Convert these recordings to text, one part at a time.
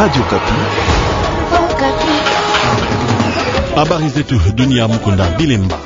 Radio oh, Kapi. Habari zetu dunia mukunda bilemba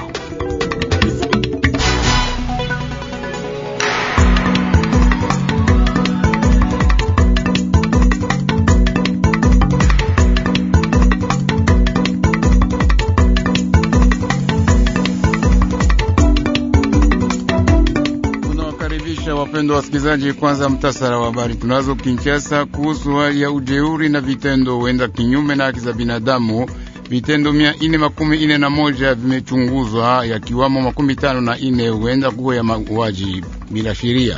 wapendwa wasikilizaji, kwanza mtasara wa habari tunazo. Kinshasa, kuhusu hali ya ujeuri na vitendo wenda kinyume na haki za binadamu, vitendo mia ine makumi ine na moja vimechunguzwa, yakiwamo makumi tano na ine huenda kuwa ya mauaji bila sheria.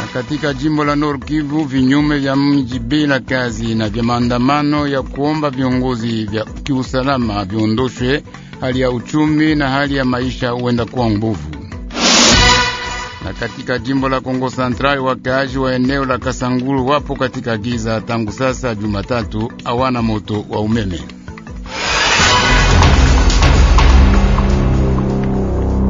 Na katika jimbo la Nord Kivu, vinyume vya mji bila kazi na vya maandamano ya kuomba viongozi vya kiusalama viondoshwe, hali ya uchumi na hali ya maisha huenda kuwa nguvu na katika jimbo la Kongo Central, wakaaji wa eneo la Kasangulu wapo katika giza tangu sasa Jumatatu, hawana moto wa umeme.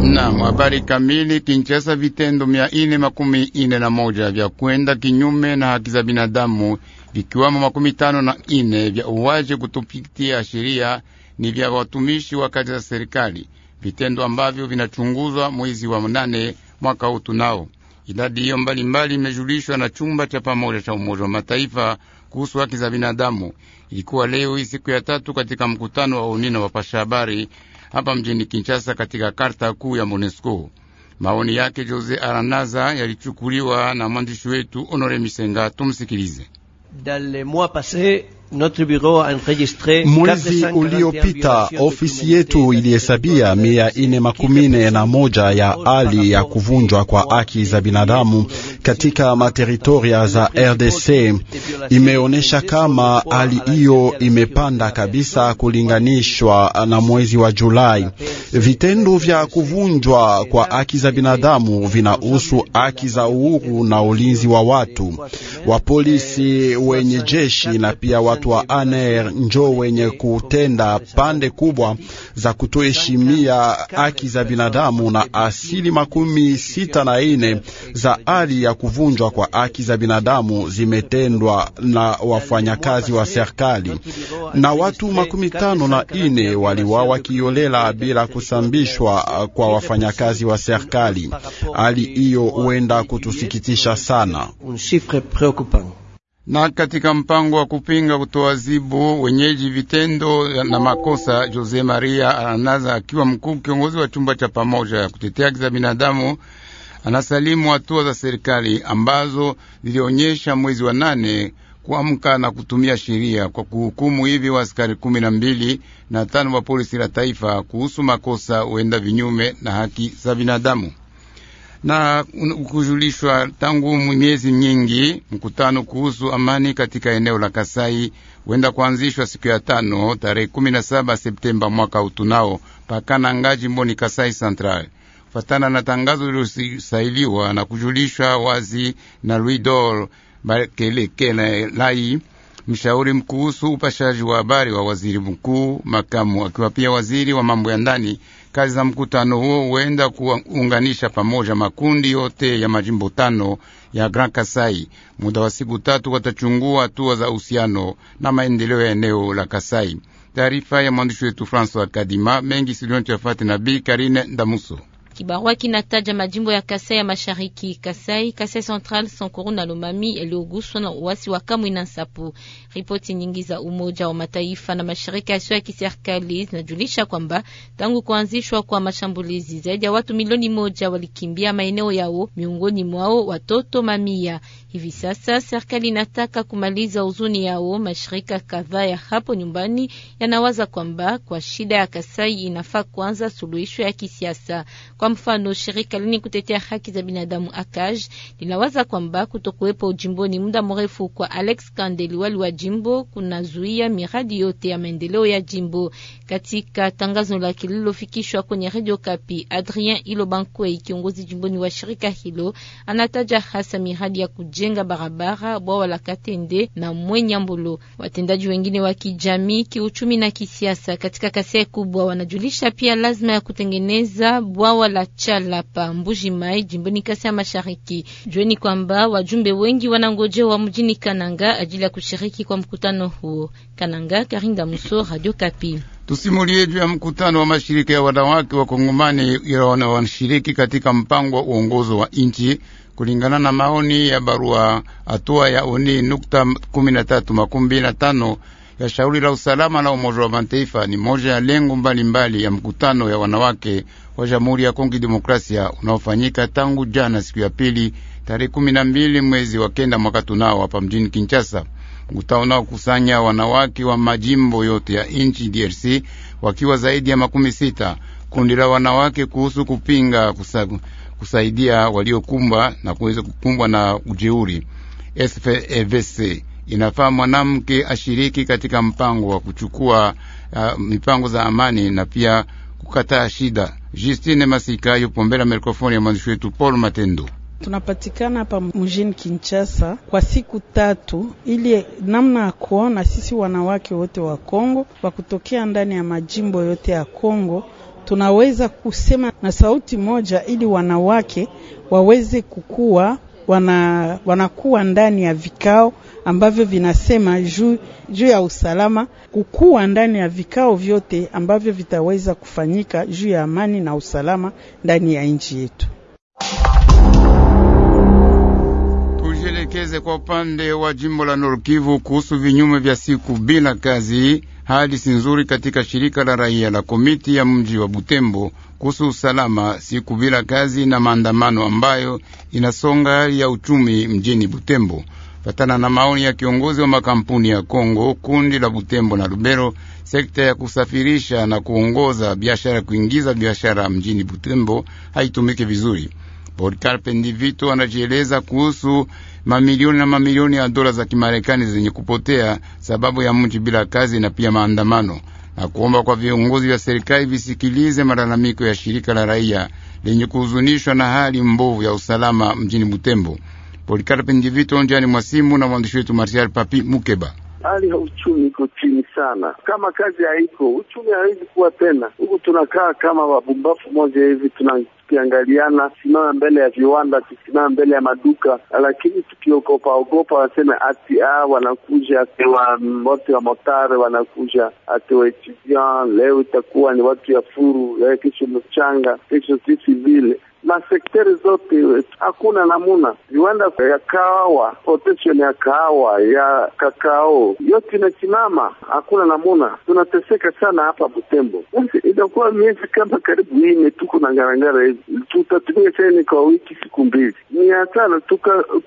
Naam, habari kamili. Kinchasa, vitendo mia ine makumi ine na moja vya kwenda kinyume na haki za binadamu vikiwamo makumi tano na ine vya uwaje kutupitia sheria ni vya watumishi wa kazi za serikali, vitendo ambavyo vinachunguzwa mwezi wa mnane mwaka huu tunao. Idadi hiyo mbalimbali imejulishwa na chumba cha pamoja cha Umoja wa Mataifa kuhusu haki za binadamu. Ilikuwa leo hii siku ya tatu katika mkutano wa unina wa pasha habari hapa mjini Kinshasa, katika karta kuu ya monesco Maoni yake Jose Aranaza yalichukuliwa na mwandishi wetu Honore Misenga. Tumsikilize. Dans les mois passés Mwezi uliopita ofisi yetu ilihesabia mia ine makumi na moja ya hali ya kuvunjwa kwa haki za binadamu katika materitoria za RDC imeonyesha kama hali hiyo imepanda kabisa kulinganishwa na mwezi wa Julai. Vitendo vya kuvunjwa kwa haki za binadamu vinahusu haki za uhuru na ulinzi wa watu wa polisi wenye jeshi na pia watu wa ANR njo wenye kutenda pande kubwa za kutoheshimia haki za binadamu na asili makumi sita na ine za hali ya kuvunjwa kwa haki za binadamu zimetendwa na wafanyakazi wa serikali, na watu makumi tano na ine waliwawa kiolela bila kusambishwa kwa wafanyakazi wa serikali. Hali hiyo huenda kutusikitisha sana na katika mpango wa kupinga kutoa zibu wenyeji vitendo na makosa, Jose Maria Aranaza akiwa mkuu kiongozi wa chumba cha pamoja ya kutetea haki za binadamu anasalimu hatua za serikali ambazo zilionyesha mwezi wa nane kuamka na kutumia sheria kwa kuhukumu hivi wa askari kumi na mbili na tano wa polisi la taifa kuhusu makosa huenda vinyume na haki za binadamu na kujulishwa tangu miezi nyingi mkutano kuhusu amani katika eneo la Kasai huenda kuanzishwa siku ya tano tarehe 17 Septemba mwaka utunao ngaji mboni Kasai Central kufatana na tangazo lilosailiwa na kujulishwa wazi na Luidor Bakelekelai, mshauri mkuhusu upashaji wa habari wa waziri mkuu makamu, akiwa pia waziri wa mambo ya ndani. Kazi za mkutano huo huenda kuunganisha pamoja makundi yote ya majimbo tano ya Grand Kasai. Muda wa siku tatu watachungua hatua za uhusiano na maendeleo ya eneo la Kasai. Taarifa ya mwandishi wetu Francois Kadima mengi siliontu na Bi Karine Ndamuso. Kibarua kinataja majimbo ya Kasai ya Mashariki, Kasai, Kasai Central, Sankuru na Lomami yaliyoguswa na uasi wa Kamwina Nsapu. Ripoti nyingi za Umoja wa Mataifa na mashirika yasiyo ya kiserikali zinajulisha kwamba tangu kuanzishwa kwa mashambulizi zaidi ya watu milioni moja walikimbia maeneo yao, miongoni mwao watoto mamia. Hivi sasa serikali inataka kumaliza huzuni yao. Mashirika kadhaa ya hapo nyumbani yanawaza kwamba kwa shida ya Kasai inafaa kuanza suluhisho ya kisiasa. Kwa mfano, shirika lini kutetea haki za binadamu AKAJ linawaza kwamba kutokuwepo jimboni muda mrefu kwa Alex Kandeli, wali wa jimbo, kunazuia miradi yote ya maendeleo ya jimbo. Katika tangazo lake lililofikishwa kwenye Radio Kapi, Adrien Ilobankwe, kiongozi jimboni wa shirika hilo, anataja hasa miradi ya kuji kujenga barabara, bwawa la Katende na mwenyambulu Watendaji wengine wa kijamii, kiuchumi na kisiasa katika Kasai kubwa wanajulisha pia lazima ya kutengeneza bwawa la Chalapa Mbuji Mai jimboni Kasai Mashariki. Jueni kwamba wajumbe wengi wanangojewa mjini Kananga ajili ya kushiriki kwa mkutano huo. Kananga, Karinda Muso, Radio Kapi tusimulie juu ya mkutano wa mashirika ya wanawake wa Kongomani wanashiriki katika mpango wa uongozo wa nchi kulingana na maoni ya barua hatua ya uni nukta kumi na tatu makumi na tano ya shauri la usalama la Umoja wa Mataifa. Ni moja ya lengo mbalimbali ya mkutano ya wanawake wa Jamhuri ya Kongi Demokrasia unaofanyika tangu jana siku ya pili tarehe kumi na mbili mwezi wa kenda mwaka tunao hapa mjini Kinshasa mkutano unaokusanya wanawake wa majimbo yote ya nchi DRC wakiwa zaidi ya makumi sita. Kundi la wanawake kuhusu kupinga kusa, kusaidia waliokumbwa na kuweza kukumbwa na ujeuri SFEVC inafaa mwanamke ashiriki katika mpango wa kuchukua uh, mipango za amani na pia kukataa shida. Justine Masika yupo mbele ya mikrofoni ya mwandishi wetu Paul Matendo. Tunapatikana hapa mjini Kinshasa kwa siku tatu, ili namna ya kuona sisi wanawake wote wa Kongo wa kutokea ndani ya majimbo yote ya Kongo tunaweza kusema na sauti moja, ili wanawake waweze kukua wana, wanakuwa ndani ya vikao ambavyo vinasema juu juu ya usalama, kukuwa ndani ya vikao vyote ambavyo vitaweza kufanyika juu ya amani na usalama ndani ya nchi yetu. tujielekeze kwa upande wa jimbo la Norkivu kuhusu vinyume vya siku bila kazi. Hali si nzuri katika shirika la raia la komiti ya mji wa Butembo kuhusu usalama, siku bila kazi na maandamano ambayo inasonga hali ya uchumi mjini Butembo. Fatana na maoni ya kiongozi wa makampuni ya Kongo, kundi la Butembo na Lubero, sekta ya kusafirisha na kuongoza biashara, kuingiza biashara mjini Butembo haitumiki vizuri. Polikarpe Ndivito anajieleza kuhusu mamilioni na mamilioni ya dola za Kimarekani zenye kupotea sababu ya mji bila kazi na pia maandamano, na kuomba kwa viongozi vya serikali visikilize malalamiko ya shirika la raia lenye kuhuzunishwa na hali mbovu ya usalama mjini Butembo. Polikarpe Njivito njani mwa simu na mwandishi wetu Marsial Papi Mukeba hali ya uchumi iko chini sana. Kama kazi haiko, uchumi hawezi kuwa tena. Huku tunakaa kama wabumbafu moja hivi, tukiangaliana, simama mbele ya viwanda, tusimama mbele ya maduka, lakini tukiogopa ogopa waseme ati ah, wanakuja ati wa wote wa motare wanakuja ati wa leo itakuwa ni watu ya furu, kesho mchanga, kesho sisi vile na sekteri zote, hakuna namuna. Viwanda ya kahawa, protection ya kahawa, ya kakao yote inasimama, hakuna namuna. Tunateseka sana hapa Butembo, itakuwa miezi kama karibu nne tuko na ngarangara hivi, tutatumia saini kwa wiki siku mbili, ni hatara.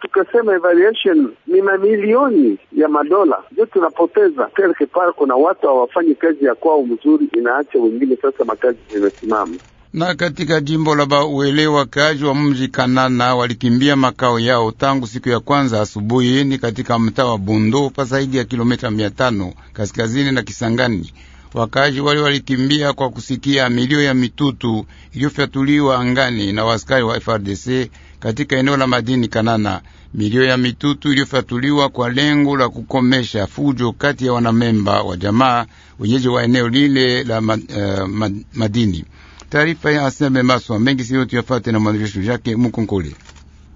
Tukasema evaluation ni mamilioni ya madola ndio tunapoteza kelkepar. Kuna watu hawafanyi kazi ya kwao mzuri, inaacha wengine sasa makazi zinasimama na katika jimbo la Bauele wakaaji wa mji Kanana walikimbia makao yao tangu siku ya kwanza asubuhi, ni katika mtaa wa Bundo pa zaidi ya kilomita mia tano kaskazini na Kisangani. Wakazi wale walikimbia kwa kusikia milio ya mitutu iliyofyatuliwa angani na waskari wa FRDC katika eneo la madini Kanana. Milio ya mitutu iliyofyatuliwa kwa lengo la kukomesha fujo kati ya wanamemba wa jamaa wenyeji wa eneo lile la ma, uh, madini Taarifa ya aseme maswa mengi siyo tuyafate na mwandishi yake Mukonkole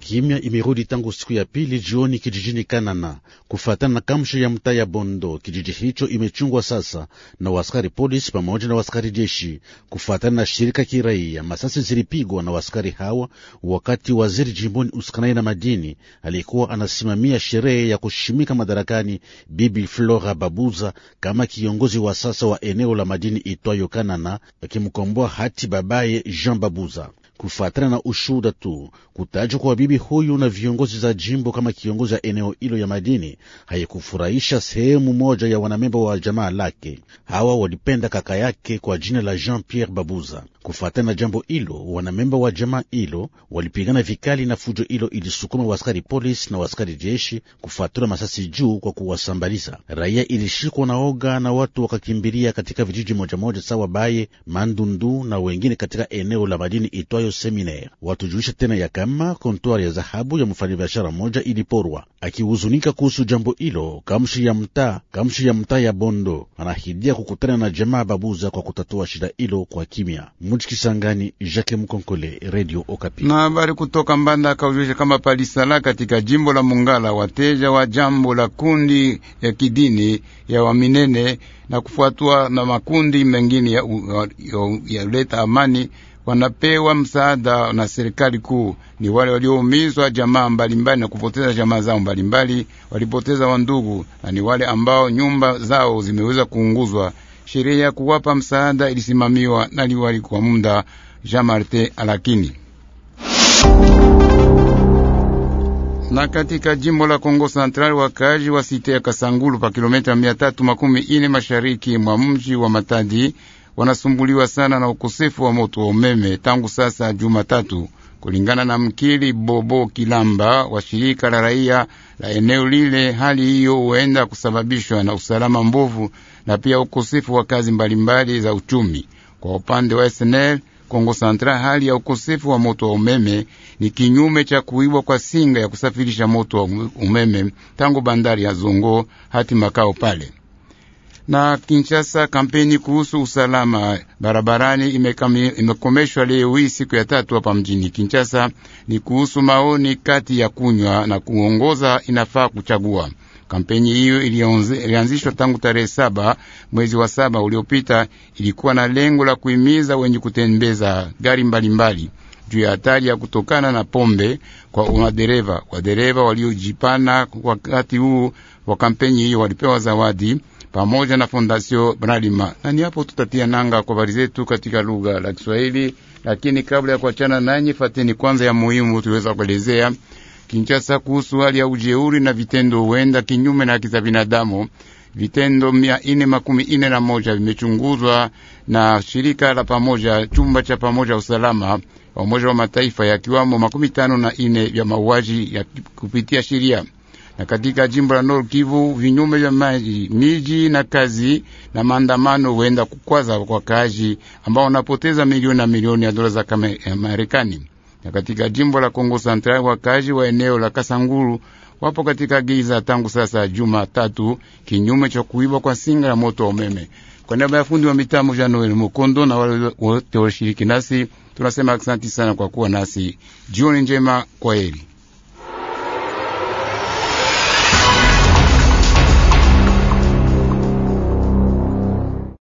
kimya imerudi tangu siku ya pili jioni kijijini Kanana, kufuatana na kamsho ya mtaa ya Bondo. Kijiji hicho imechungwa sasa na waskari polisi pamoja na waskari jeshi, kufuatana na shirika kiraia. Masasi zilipigwa na waskari hawa wakati waziri jimboni usikanai na madini alikuwa anasimamia sherehe ya kushimika madarakani Bibi Flora Babuza kama kiongozi wa sasa wa eneo la madini itwayo Kanana, akimkomboa hati babaye Jean Babuza. Kufuatana na ushuda tu, kutajwa kwa bibi huyu na viongozi za jimbo kama kiongozi ya eneo hilo ya madini haikufurahisha sehemu moja ya wanamemba wa jamaa lake. Hawa walipenda kaka yake kwa jina la Jean Pierre Babuza. Kufuatana na jambo hilo, wanamemba wa jamaa hilo walipigana vikali na fujo hilo ilisukuma waskari polisi na waskari jeshi kufuatura masasi juu kwa kuwasambaliza raia. Ilishikwa na oga na watu wakakimbilia katika vijiji moja moja sawa Baye, Mandundu na wengine katika eneo la madini itwayo itwayo Seminare. Watujulisha tena ya kama kontwari ya dhahabu ya mfanyabiashara moja iliporwa. Akihuzunika kuhusu jambo hilo, kamshi ya mtaa kamshi ya mtaa ya Bondo anahidia kukutana na jamaa Babuza kwa kutatua shida hilo kwa kimya. Mji Kisangani, Jacques Mkonkole, Radio Okapi. Na habari kutoka Mbanda akajulisha kama palisala katika jimbo la Mungala, wateja wa jambo la kundi ya kidini ya Waminene na kufuatwa na makundi mengine ya, ya, ya, ya uleta amani wanapewa msaada na serikali kuu ni wale walioumizwa jamaa mbalimbali na kupoteza jamaa zao mbalimbali, walipoteza wandugu, na ni wale ambao nyumba zao zimeweza kuunguzwa. Sheria ya kuwapa msaada ilisimamiwa na liwali kwa muda Jean Marte Alakini. na katika jimbo la Kongo Central wakaaji wa site ya Kasangulu pa kilomita mia tatu makumi ine mashariki mwa mji wa Matadi wanasumbuliwa sana na ukosefu wa moto wa umeme tangu sasa Jumatatu, kulingana na mkili Bobo Kilamba wa shirika la raia la eneo lile. Hali hiyo huenda kusababishwa na usalama mbovu na pia ukosefu wa kazi mbalimbali mbali za uchumi. Kwa upande wa SNL Kongo santra hali ya ukosefu wa moto wa umeme ni kinyume cha kuibwa kwa singa ya kusafirisha moto wa umeme tangu bandari ya Zongo hati makao pale na Kinshasa, kampeni kuhusu usalama barabarani imekomeshwa leo hii siku ya tatu hapa mjini Kinshasa. Ni kuhusu maoni kati ya kunywa na kuongoza, inafaa kuchagua. Kampeni hiyo ilianzishwa tangu tarehe saba mwezi wa saba uliopita. Ilikuwa na lengo la kuhimiza wenye kutembeza gari mbalimbali juu ya hatari ya kutokana na pombe kwa madereva. Wadereva waliojipana wakati huu wa kampeni hiyo walipewa zawadi pamoja na Fondasio bralima Na ni hapo tutatia nanga kwa habari zetu katika lugha la Kiswahili, lakini kabla ya kuachana nanyi, fateni kwanza ya muhimu tuweza kuelezea Kinshasa kuhusu hali ya ujeuri na vitendo huenda kinyume na haki za binadamu. Vitendo mia ine makumi ine na moja vimechunguzwa na shirika la pamoja chumba cha pamoja usalama wa Umoja wa Mataifa, yakiwamo makumi tano na ine vya mauaji ya kupitia sheria na katika jimbo la Nord Kivu vinyume vya maji, miji na kazi na maandamano huenda kukwaza kwa kazi ambao wanapoteza milioni na milioni ya dola za eh, Marekani. Na katika jimbo la Kongo Central wakazi wa eneo la Kasanguru wapo katika giza tangu sasa juma tatu, kinyume cha kuiba kwa singa ya moto wa umeme. Kwa niaba ya fundi wa mitambo Jean Noel Mukondo na wale wote walishiriki nasi tunasema asanti sana kwa kuwa nasi. Jioni njema, kwa heri.